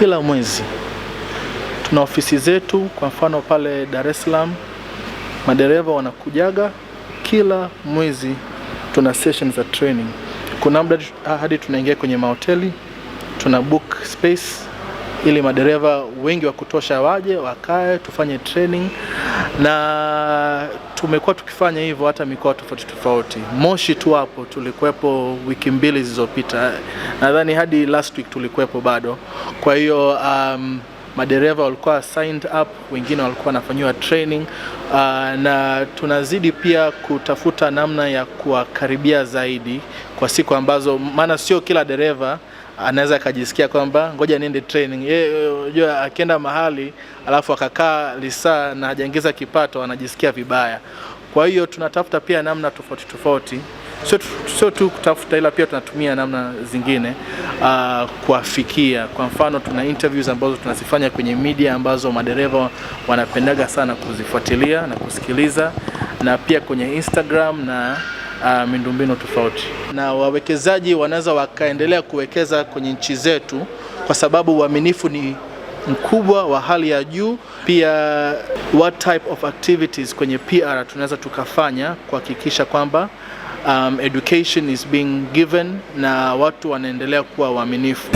kila mwezi. Tuna ofisi zetu, kwa mfano pale Dar es Salaam madereva wanakujaga kila mwezi, tuna sessions za training. Kuna muda ah, hadi tunaingia kwenye mahoteli tuna book space ili madereva wengi wa kutosha waje wakae tufanye training, na tumekuwa tukifanya hivyo hata mikoa tofauti tofauti. Moshi tu hapo tulikuwepo wiki mbili zilizopita, nadhani hadi last week tulikuwepo bado. Kwa hiyo um, madereva walikuwa signed up, wengine walikuwa wanafanyiwa training uh, na tunazidi pia kutafuta namna ya kuwakaribia zaidi kwa siku ambazo, maana sio kila dereva anaweza akajisikia kwamba ngoja niende training. Yeye unajua akienda mahali alafu akakaa lisaa na hajaingiza kipato anajisikia vibaya. Kwa hiyo tunatafuta pia namna tofauti tofauti sio so tu kutafuta, ila pia tunatumia namna zingine uh, kuwafikia. Kwa mfano, tuna interviews ambazo tunazifanya kwenye media ambazo madereva wanapendaga sana kuzifuatilia na kusikiliza, na pia kwenye Instagram na Uh, miundombinu tofauti na wawekezaji wanaweza wakaendelea kuwekeza kwenye nchi zetu, kwa sababu uaminifu ni mkubwa wa hali ya juu. Pia what type of activities kwenye PR tunaweza tukafanya kuhakikisha kwamba um, education is being given na watu wanaendelea kuwa waaminifu.